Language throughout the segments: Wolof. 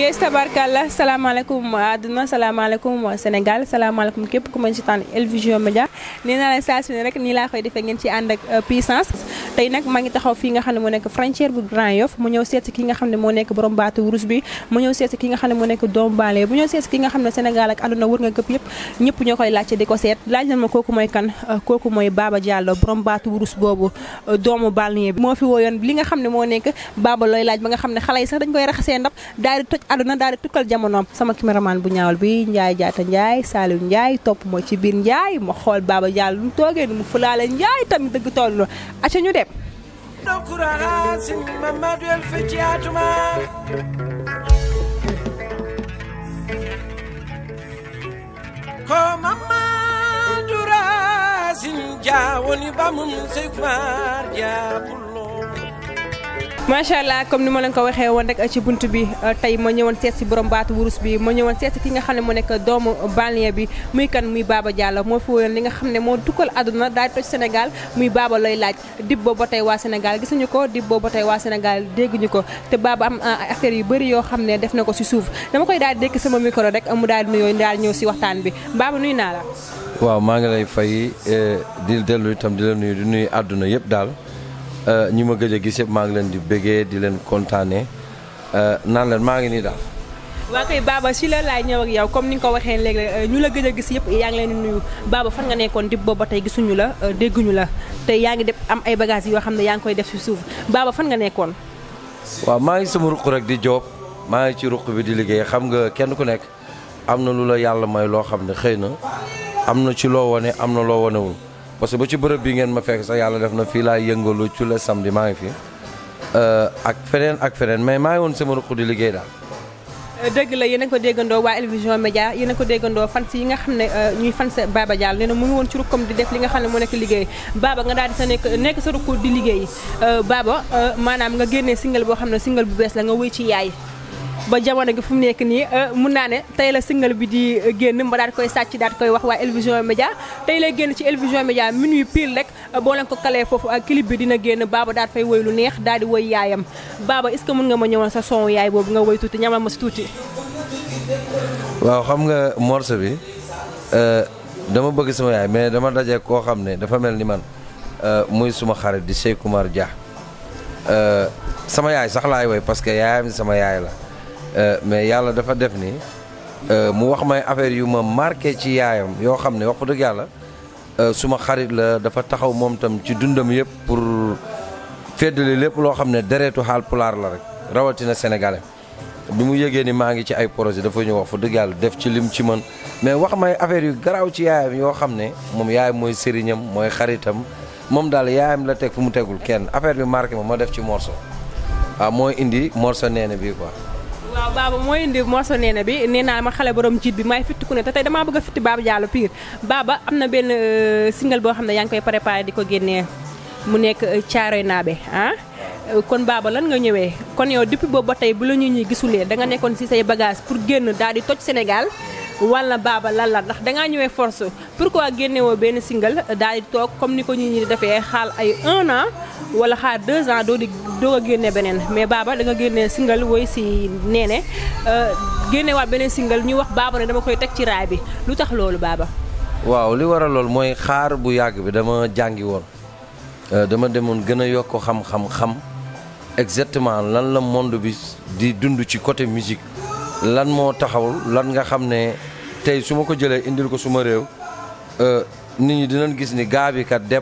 yées tabarkalla salaamaaleykum àdduna salaamaaleykum Sénégal salaamaaleykum képp ku ma ci tànn El Vision Média nee naa la saa su ne rek nii laa koy defee ngeen ci ànd ak euh, puissance tey nag maa ngi taxaw fii nga xam ne moo nekk frontière bu ki nga xam ne moo nekk borom baatu wurus bi mu ñëw seet si ki nga xam ne Sénégal ak àdduna wër këpp yëpp ñëpp ñoo koy laajte di ko seet laaj na ma kooku mooy kan euh, kooku mooy Baba Diallo borom baatu wurus boobu euh, doomu balnier bi moo fi wooyoon li nga xam ne moo nekk Baba looy laaj ba nga xam ne xale yi sax koy raxasee ndab daal di aduna daal di tukkal jamonoom sama cameraman bu ñaawal bi Ndiaye Jaata Ndiaye salu Ndiaye top mo ci bir Ndiaye mo xol Baba Diallo lu toge mu fulaale Ndiaye tamit deug tollu na aca ñu dem ko mama rasin ja woni bamum sekumar jaapul macha allah comme ni ma leen ko waxee woon rek ci bunt bi euh, tey ma ñëwoon seet si borom baatu wurus bi ma ñëwoon seet si ki nga xam ne mu nekk doomu banlieue bi muy kan muy baaba jàll moo fi woyoon li nga xam ne moo dukkal àdduna daal toj Sénégal muy baaba lay laaj dib boobu ba tey waa Sénégal gisuñu ko dib boobu ba tey waa Sénégal dégguñu ko te Baba am euh, affaire yu bëri yoo xam ne def na ko si suuf dama koy daal dékk sama micro rek mu daal di nuyoo daal si waxtaan bi Baba nuyu naa la. waaw maa ngi lay fay euh, di dellu itam di la nuyu di nuyu àdduna yëpp daal Euh, ñi ma gëj a gis yëpp maa ngi leen di bëggee di leen kontaanee euh, naan leen maa ngi nii daal. waa kay baaba si la laay ñëw yow comme ni nga ko waxee léegi euh, ñu la gëj a gis yëpp yaa ngi leen di nuyu baaba fan nga nekkoon di booba tey gisuñu la dégguñu la te yaa ngi def am ay bagages yoo xam ne yaa ngi koy def si suuf Baba fan nga nekkoon. waaw maa ngi sama ruq rek di joob maa ngi ci ruq bi di liggéey xam nga kenn ku nekk am na lu la yàlla may loo xam ne xëy na am na ci loo wane am na loo wanewul parce que ba ci bërëb bi ngeen ma fekk sax yàlla def na fii laay yëngalu ci le samedi maa ngi fi euh, ak feneen ak feneen mais maa ngi woon sama ruq di liggéey daal. Euh, dëgg la yéen a ko déggandoo waa Elvision Média yéen a ko déggandoo fans yi nga xam ne euh, ñuy fans Baba Dial nee na mu ngi woon ci rukkam di def li nga xam ne mu nekk liggéey Baba nga daal di sa nekk nekk sa rukk di liggéey Baba maanaam nga génnee single boo xam ne singal bu bees la nga wéy ci yaay ba jamono gi fu mu nekk nii euh, mun naa ne tey la single bi di euh, génn ma daal koy sàcc daal koy wax waa El Vision Média tey lay génn ci El Vision Média minuit pile rek euh, boo leen ko kalee foofu ak clip bi dina génn Baba daal fay woy lu neex daal di woy yaayam Baba est-ce que mun nga ma ñëwoon sa son yaay boobu nga woy tuuti ñamal ma si tuuti. waaw xam nga morceau bi dama bëgg sama yaay mais dama daje koo xam ne dafa mel ni man muy suma xarit di Cheikh Oumar Dia sama yaay sax laay woy parce que yaayam sama yaay la. Euh, mais yàlla dafa def ni euh, mu wax may affaire yu ma marqué ci yaayam yoo xam ne wax dëgg yàlla euh, suma xarit la dafa taxaw moom tam ci dundam yëpp pour feddali lépp loo xam ne deretu xaal pulaar la rek rawatina sénégalais bi mu yëgee ni maa ngi ci ay projet dafa ñëw wax fa dëgg yàlla def ci lim ci mën mais wax may affaire yu garaaw ci yaayam yoo xam ne moom yaayam mooy sëriñam mooy xaritam moom daal yaayam la teg fu mu tegul kenn affaire bi marqué ma ma def ci morceau waaw ah, mooy indi morceau nee na bii quoi waaw baaba mooy indi mooso nee na bi nee naa ma xale borom jiit bi maay fitti ku ne te tey damaa bëgg a fitti baaba Diallo pire baaba am na benn euh, single boo xam ne yaa ngi koy préparé di ko génnee mu nekk euh, caaroy naabe ah euh, kon baaba lan nga ñëwee kon yow depuis boobu ba tey bu la ñu ñuy gisulee da nga nekkoon ci say bagage pour génn dal di toj Sénégal wala baaba lan la ndax dangaa ñëwee force pourquoi génne génnewoo benn single daal di toog comme ni ko ñu ñi defee xaal ay un wala xaar deux ans doo doog a génne beneen mais Baba da nga génne single woy si Néné euh, génnewaat beneen singal ñu wax Baba ne dama koy teg ci raay bi lu tax loolu baaba waaw li waral lool mooy xaar bu yàgg bi dama jàngi woon euh, dama demoon gën a yokk xam-xam xam exactement lan la monde bi di dund ci côté musique lan moo taxawul lan nga xam ne tey su ma ko jëlee indil ko suma réew euh, nit ñi dinañ gis ni gaabikat bi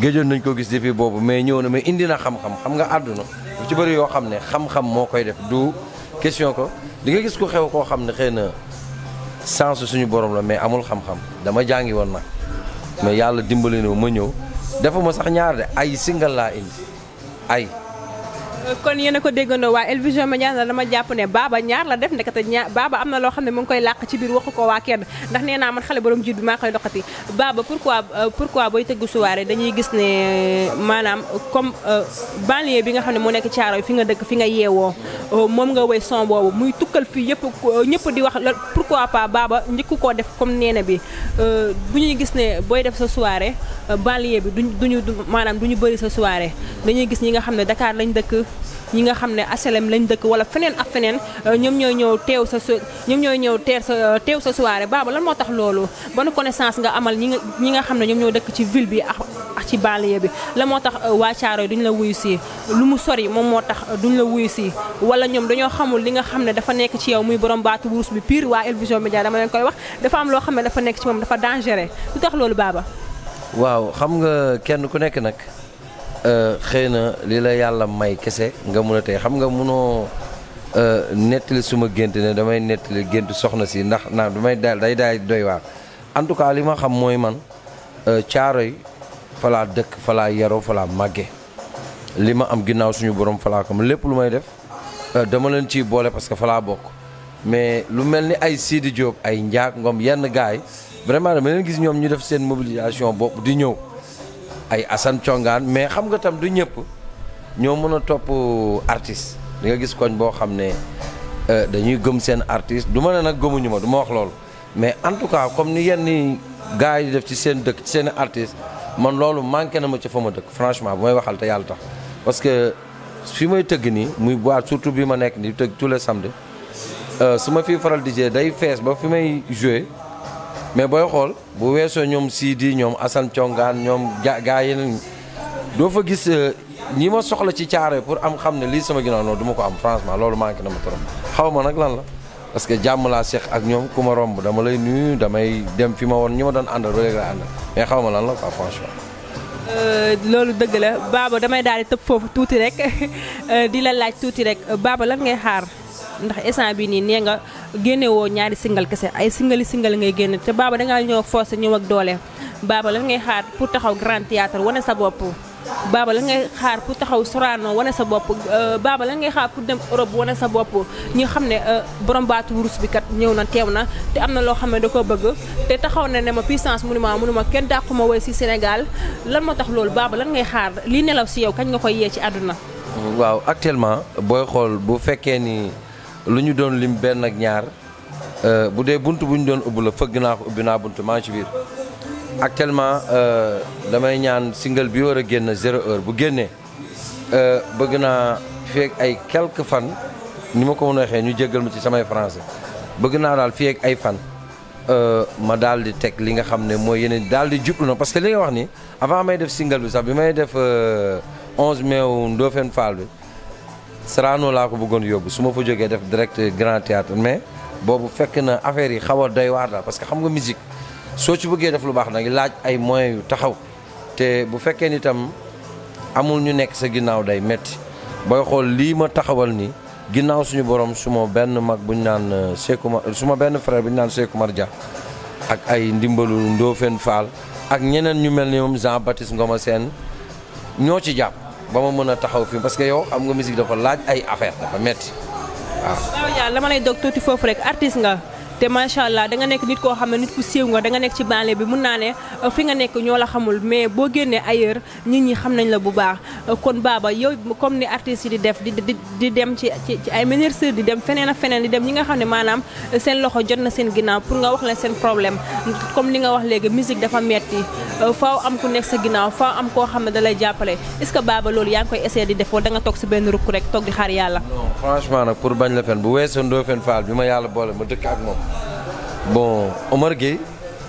géjoon nañ ko gis depuis boobu mais ñëw na mais indi na xam-xam xam nga àdduna lu ci bëri yoo xam ne xam-xam moo koy def du question ko di nga gis ku xew koo xam ne xëy na sens suñu borom la mais amul xam-xam dama jàngi woon nag mais yàlla dimbali na ma ñëw defuma sax ñaar de ay singal laa indi ay kon yéen a ko déggandoo waa El Vision Médias na dama jàpp ne Baba ñaar la def ndekete ñaar Baba am na loo xam ne mu ngi koy làq ci biir waxu ko waa kenn ndax nee naa man xale borom jiit bi maa koy doxati Baba pourquoi euh, pourquoi booy tëggu soirée dañuy gis ne maanaam comme euh, banlieue bi nga xam ne moo nekk Thiaroye fi nga dëkk fi nga yeewoo euh, moom nga woy son boobu muy tukkal fii yëpp ñëpp di wax la pourquoi pas Baba njëkku koo def comme nee na bi bu ñuy gis ne booy def sa soirée banlieue bi duñ duñu maanaam duñu bëri sa soirée dañuy gis ñi nga xam ne Dakar lañ dëkk ñi nga xam ne HLM lañ dëkk wala feneen ak feneen euh, ñoom ñoo ñëw teew sa ñoom ñooy ñëw teer sa euh, teew sa soirée Baba lan moo tax loolu ban connaissance nga amal ñi nga ñi nga xam ne ñoom ñoo dëkk ci ville bi ak ci banlieue bi la moo tax euh, waa Caaroy duñ la wuyu si lu mu sor yi moom moo tax duñu la wuyu si wala ñoom dañoo xamul li nga xam ne dafa nekk ci yow muy borom baatu wurus bi pire waa El Vision Médias dama leen koy wax dafa am loo xam ne dafa nekk dafa dangereux lu tax loolu Baba waaw xam nga kenn ku nekk nag Euh, xëy na li la yàlla may kese nga mun a tey xam nga munoo euh, nettali suma gént ne damay nettali gént soxna si ndax naa damay daal day daal doy waar en tout cas li ma xam mooy man euh, caaro yi falaa dëkk falaa yaroo falaa màgge li ma am ginnaaw suñu borom falaa ko lépp lu may def dama leen ciy boole parce que falaa bokk mais lu mel ni ay Sidi Diop ay Ndiak Ngom yenn gaay vraiment dama leen gis ñoom ñu def seen mobilisation boobu di ñëw ay Assane Congaan mais xam nga tam du ñëpp ñoo mën a topp artiste di nga gis koñ boo xam ne euh, dañuy gëm seen artiste du ma ne nag gëmuñu ma duma wax loolu mais en tout cas comme ni yenn gars yi def ci seen dëkk ci seen artiste man loolu manqué na ma ci fa ma dëkk franchement bu may waxal te yàlla tax parce que fi may tëgg nii muy boîte surtout bi ma nekk nii tëgg tous les samedis euh, su ma fiy faral di jee day fees ba fi may joué mais boy xol bu wesso ñom sidi ñom assane ciongan ñom gaayen do fa gis ni euh, ma soxla ci tiaré pour am xamne li sama ginaaw duma ko am franchement lolu manki na ma torom xawma nak lan la parce que jamm la cheikh ak ñom kuma romb dama lay nuyu damay dem fi ma won ñima don andal rek la andal mais xawma lan la quoi franchement euh lolu deug la baba damay dal tepp fofu touti rek euh, di la laaj touti rek baba lan ngay xaar ndax instant bi ni ne nga génnewoo ñaari single kese ay singali singali ngay génne te baaba dangaa ñëw ak force ñëw ak doole baaba lan ngay xaar pour taxaw grand théâtre wane sa bopp baaba lan ngay xaar pour euh, xaar pour dem Europe wane sa bopp ñu xam ne euh, borom baatu wurus bi kat ñëw na teew na te am na loo xam ne da ko bëgg te taxaw na ne ma puissance mu ne ma mu ne ma kenn dàqu ma woy si Sénégal lan moo tax loolu baaba lan ngay xaar lii nelaw si yow kañ nga ko yee ci àdduna waaw actuellement lu ñu doon lim benn ak ñaar euh, bu dee bunt bu ñu doon ubbi la fëgg naa ko ubbi naa bunt maa ci biir actuellement euh, damay ñaan single bi war a génn zéro heure bu génnee euh, bëgg naa feeg ay quelques fan ni ma ko mën a ñu jéggal ma ci samay france bëgg naa daal feeg ay fan ma daal di teg li nga xam ne mooy yeneen daal di jublu na parce que li nga wax ni avant may def single bi sax bi may def 11 mai wu Ndofène Fall bi Sorano laa ko bëggoon yóbbu su ma fa jógee def direct grand théâtre mais boobu fekk na affaire yi xaw a doy waar parce que xam nga musique soo ci bëggee def lu baax nag laaj ay moyens yu taxaw te bu fekkee ni tam amul ñu nekk sa ginnaaw day metti booy xool lii ma taxawal ni ginnaaw suñu borom su ma benn mag bu ñu naan euh, Sekumar su ma benn frère bu ñu naan Sekumar Dia ak ay ndimbalu Ndofène Fall ak ñeneen ñu mel ni moom Jean Baptiste Ngoma seen ñoo ci jàpp. ba ma mën a taxaw fii parce que yow am nga musique dafa laaj ay affaire dafa metti waaw. waaw yàlla ma lay dog tuuti foofu rek artiste nga. te macha allah da nga nek nit ko xam nit ku sew nga da nga nek ci banlé bi mën na né euh, fi nga nek ñoo la xamul mais bo génné ailleurs nit ñi xam nañ la bu baax euh, kon baba yow comme ni artiste di def di di di dem ci ci ay menerseur di dem fenen ak fenen di dem ñi nga xam manam euh, sen loxo jot na sen ginaaw pour nga wax la sen problème comme li nga wax légui musique dafa metti faaw am ku nek sa ginaaw faaw am ko xam da lay est ce que baba lool yaa ngi koy essayer di def wala da nga tok ci ben rukk rek tok di xaar yalla non franchement nak pour bañ la fen bu wéssu ndo fen faal bima yalla bolé ma dëkk ak mom bon Omar Gueye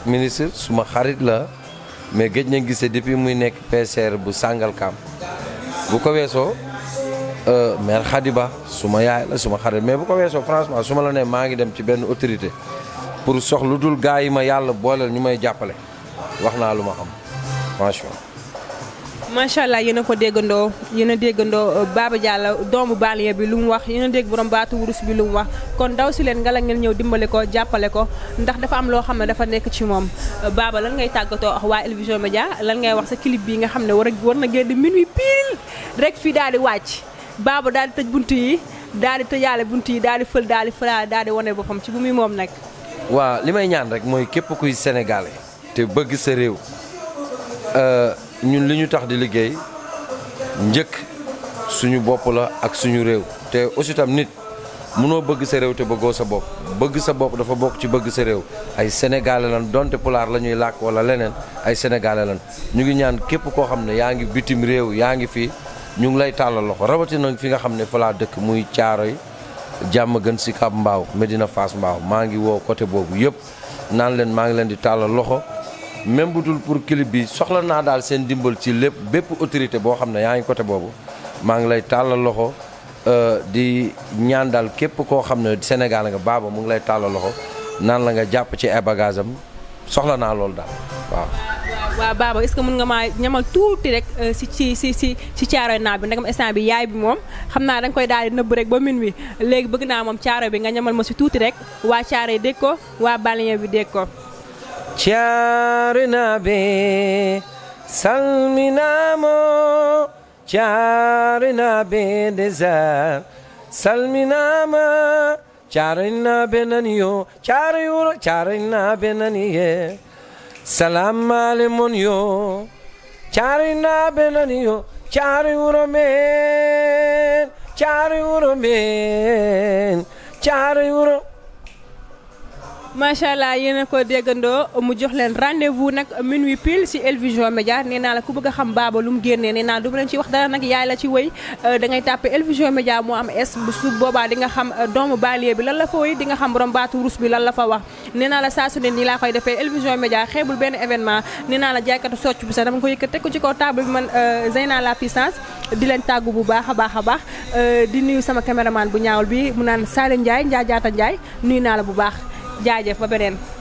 ministre suma xarit la mais géej na gisee depuis muy nekk PCR bu Sangalkam bu ko weesoo euh, maire ba suma yaay la suma xarit mais bu ko weesoo franchement su la nee maa ngi dem ci benn autorité pour sox lu dul gaa yi ma yàlla booleel ñu may jàppale wax naa lu ma am franchement. macha allah yéen ko déggandoo yéen a déggandoo euh, Baba Diallo doomu banlieue bi lu mu wax yéen a dégg borom baatu wurus bi lu mu wax kon daw si leen ngala ngeen ñëw dimbali ko jàppale ko ndax dafa am loo xam ne dafa nekk ci moom euh, baaba lan ngay tàggatoo ak waa Elvision Média lan ngay wax sa clip bii nga xam ne war a war na génn minuit pile rek fii daal di wàcc Baba daal di tëj bunt yi daal di tëjaale bunt yi daal di fël daal di fëlaale daal di boppam ci bu muy moom nag. waaw li may ñaan rek mooy képp kuy sénégalais te bëgg sa réew. Euh, ñun li ñu tax di liggéey njëkk suñu bopp la ak suñu réew te aussi itam nit mënoo bëgg sa réew te bëggoo sa bopp bëgg sa bopp dafa bokk ci bëgg sa réew ay sénégalais lan donte pulaar la ñuy làkk wala leneen ay sénégalais lan ñu ngi ñaan képp koo xam ne yaa ngi bitim réew yaa ngi fii ñu ngi lay tàllal loxo rawatina fi nga xam ne fa dëkk muy caaro yi jàmm gën si Kab Mbaaw Medina Fass Mbaaw maa ngi woo côté boobu yëpp naan leen maa ngi leen di tàllal loxo même bu dul pour clip bi soxla naa daal seen dimbal ci lépp bépp autorité boo xam ne yaa ngi côté boobu maa ngi lay tàllal loxo euh, di ñaan daal képp koo xam ne Sénégal nga baaba mu ngi lay tàllal loxo naan la nga jàpp ci ay bagage am soxla naa loolu daal waaw. waaw baaba est-ce mën nga maa ñamal tuuti rek euh, si ci si si si caaro naa bi ndegam instant bi yaay bi moom xam naa da koy daal di nëbb rek ba min wi léegi bëgg naa moom caaro bi nga ñamal ma si tuuti rek waa caaro yi dégg ko waa baliñe bi dégg ko. Chiar nabe salminamo Chiar nabe deza salminama Chiar nabe naniyo Chiar yura Chiar nabe naniye Salam alimunyo Chiar nabe naniyo Chiar yura men Chiar yura men Chiar yura macha allah ko degando mu jox len rendez vous nak minuit pile si Elvision Media Média la ku bëgg xam baba lu mu génnee nee naa du ma leen ci wax dara nak yaay la ci wéy euh, da ngay tapé Elvision Media mo am es bu su boba di nga xam euh, doomu ben bi lan la fa woy di nga xam borom batu rus bi lan la fa wax nee la sa su ne ni la koy Elvision Media xébul ben événement la dama ko ko ci ko table bi man euh, Zaina la puissance di len tagu bu baax a baax di nuyu sama cameraman bu ñaawul bi mu naan Salim Ndiaye njaajaata Ndiaye nuyu na la bu baax jaajëf ba beneen